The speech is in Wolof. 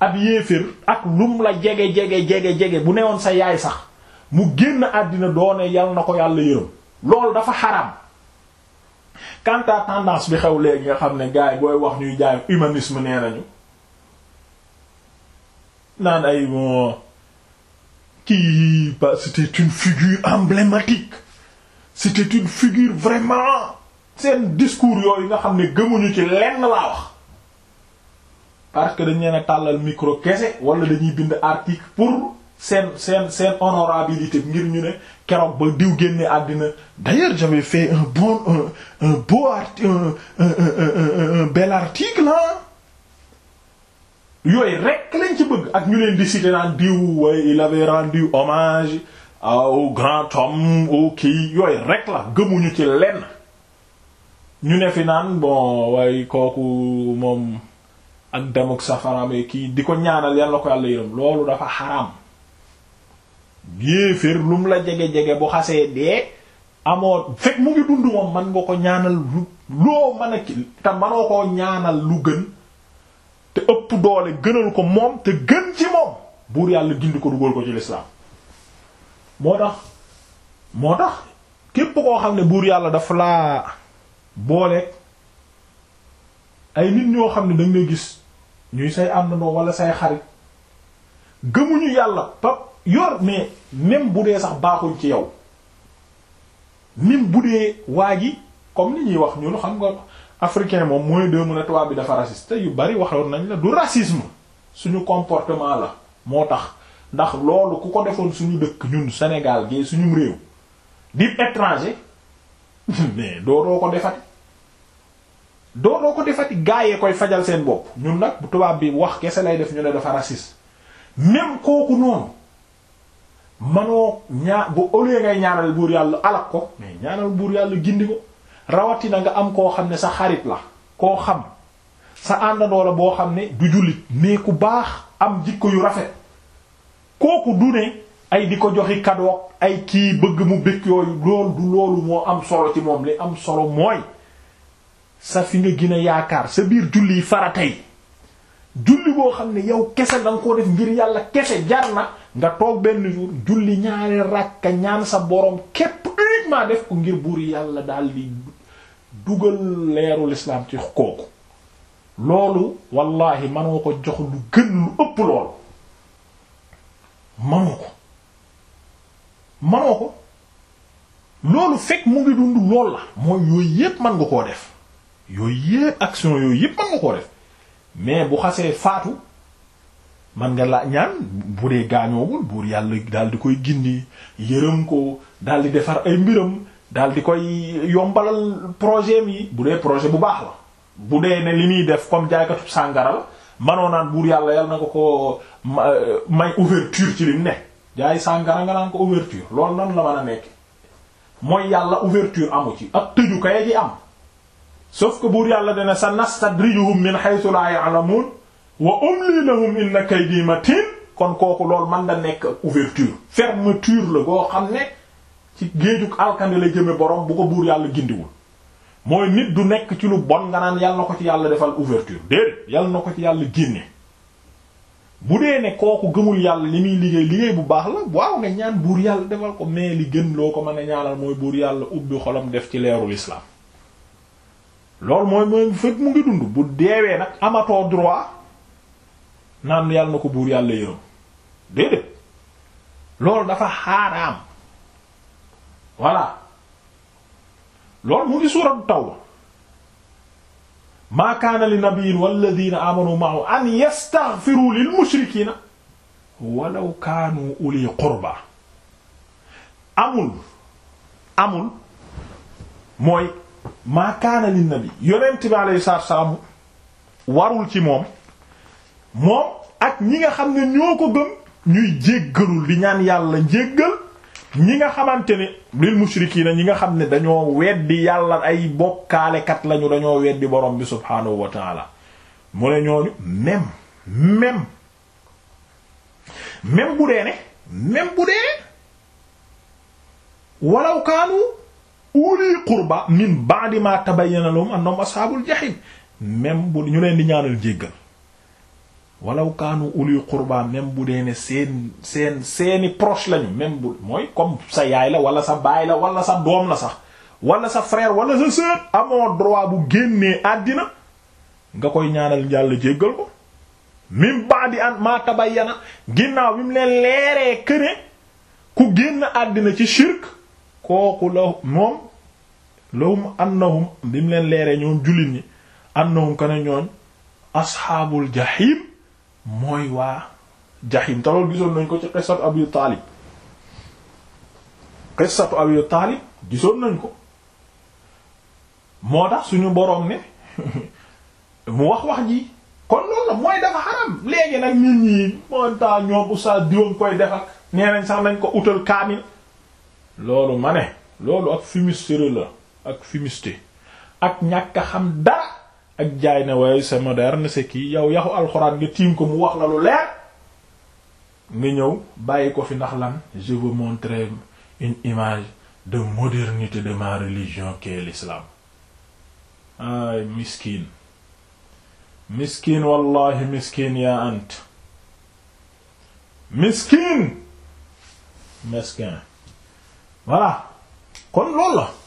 ab yéefér ak lum la jege jege jege jege bu newoon sa yaay sax mu génn àddina doone yal na ko yàlla yërëm loolu dafa xaraam quant à tendance bi xew léegi nga xam ne gars yi booy wax ñuy jaay humanisme nee nañu naan ay bon kii ba c'était une figure emblématique c'était une figure vraiment seen discours yooyu nga xam ne gëmuñu ci lenn laa wax parce que dañ leen a tàllal micro kese wala dañuy bind article pour seen seen honorabilité ngir ñu ne keroog ba diw génne àddina d'ailleurs j'avais fait un bon un, un beau art un, bel article ah yooyu rek lañ ci bëgg ak ñu leen di citer naan diw way il avait rendu hommage au grand homme au kii yooyu rek la gëmuñu ci lenn ñu ne fi naan bon waaye kooku moom ak demuk safaraame kii di ko ñaanal yàlla ko yàlla yërëm loolu dafa xaram yéeféer lum la jege-jege bu xasee dee amoo fekk mu ngi dund moom man nga ko ñaanal lu loo mën a ki te manoo koo ñaanal lu gën te ëpp doole gënal ko moom te gën ci moom buur yàlla gindi ko dugal ko ci lislaam moo tax moo tax képp koo xam ne buur yàlla dafa laa boole ay nit ñoo xam ne dañ lay gis ñuy say am na àndandoo wala say xarit gëmuñu yàlla pa yor mais même bu dee sax baaxuñ ci yow même bu dee waa ji comme ni ñuy wax ñun xam nga africain moom mooy deux mën a tubaab bi dafa raciste yu bari waxoon nañ la du racisme suñu comportement la moo tax ndax loolu ku ko defoon suñu dëkk ñun Sénégal gi suñu réew di étranger mais doo doo ko defati doo doo ko defati gaayee koy fajal seen bopp ñun nag bu tubaab bi wax kese lay def ñu ne dafa raciste même kooku noonu manoo ñaa bu au lieu ngay ñaanal buur yàlla alak ko mais ñaanal buur yàlla gindi ko rawatina nga am koo xam ne sa xarit la koo xam sa àndandoo la boo xam ne du jullit mais ku baax am jikko yu rafet kooku du ne ay di ko joxi cadeau ay kii bëgg mu bëgg yooyu loolu du loolu moo am solo ci moom li am solo mooy sa fi nga gën yaakaar sa biir julli yi farata yi julli boo xam ne yow kese danga koo def ngir yàlla kese jar na nga toog benn jour julli ñaari ràkka ñaan sa borom képp uniquement def ko ngir buur yàlla daal di dugal leerul islaam loolu wallahi manoo ko jox lu gën lu ëpp loolu manoo ko manoo ko loolu fekk mu ngi dund lool la mooy yooyu yépp mën nga koo def yooyu yépp action yooyu yépp mën nga koo def mais bu xasee faatu man nga laa ñaan bu dee gaañoowul buur yàlla daal di koy gindi yërëm ko daal di defar ay mbiram daal di koy yombalal projet mi bu dee projet bu baax la bu dee ne li muy def comme jaaykatub sàngara la manoo naan buur yàlla yàlla na ko ko euh, may ouverture ci li mu ne jaay sàngara nga naan ko ouverture loolu nan la mën a nekk mooy yàlla ouverture amu ci ab tëju kay ci am sauf ko buur yàlla de dana sa nastadrijuhum min haythu la ya'lamun wa umli lahum inna kaydi matin kon kooku loolu mën na nekk ouverture fermeture la goo xam ne ci géejug alkande la jëme borom bu ko buur yàlla gindiwul mooy nit du nekk ci lu bon nga naan yàlla na ko ci yàlla defal ouverture déedéet yàlla na ko ci yàlla génne bu dee ne kooku gëmul yàlla li muy liggéey liggéey bu baax la waaw nga ñaan buur yàlla defal ko mais li gën loo ko mën a ñaanal mooy buur yàlla ubbi xolam def ci leerul loolu mooy mooy fekk mu ngi dund bu deewee nag amatoo droit naan yàlla na ko buur yàlla yërëm déedéet loolu dafa xaaraam voilà loolu mu ngi suuratu tawba maa kaana li nabiyyin walladina amanu ma'ahu an yastaghfiru lil mushrikina walaw kaanu uli qurba amul amul mooy maa kaana lin nabi yonent bi alayhi salaam warul ci moom moom ak ñi nga xam ne ñoo ko gëm ñuy jéggalul di ñaan yàlla jéggal ñi nga xamante ne lil mushrikiina ñi nga xam ne dañoo weddi yàlla ay bokkaalekat lañu dañoo weddi borom bi subhaanahu wa taala mu ne ñooñu même même même bu dee ne même bu dee ne walaw uli qurba min ba'di ma tabayyana lahum annahum ashabul jahim même bu ñu leen di ñaanal jéggal walaw kaanu uli qurba même bu dee ne seen seeni proche lañu même bu mooy comme sa yaay la wala sa baay la wala sa doom la sax wala sa frère wala sa sœur amoo droit bu génnee àddina nga koy ñaanal yàlla jéggal ko min ba'di an ma tabayyana ginnaaw bi leen leeree këne ku génn àddina ci shirk kooku la moom lahum annahum bi mu leen leeree ñoom jullit ñi annahum kana ñooñ asxaabul jahim mooy waa jahim te loolu gisoon nañ ko ci qissatu abi taalib qissatu abi taalib gisoon nañ ko moo tax suñu boroom ne mu wax wax ji kon loolu la mooy dafa xaram léegi nag nit ñi moo tax ñoom oustaz diwoon koy def ak nee nañ sax nañ ko utal kaamil loolu ma ne loolu ak fumisterie la ak fumisterie ak ñàkk a xam dara ak jaay ne waaye c'est moderne c'est kii yow yaxu alxuraan nga tiim ko mu wax la leer nga ñëw bàyyi ko fi ndax lan je veux montrer une image de modernité de ma religion qu'est l'islam ay miskin miskin wallahi miskin yaa ant miskin mesquin voilà kon loolu la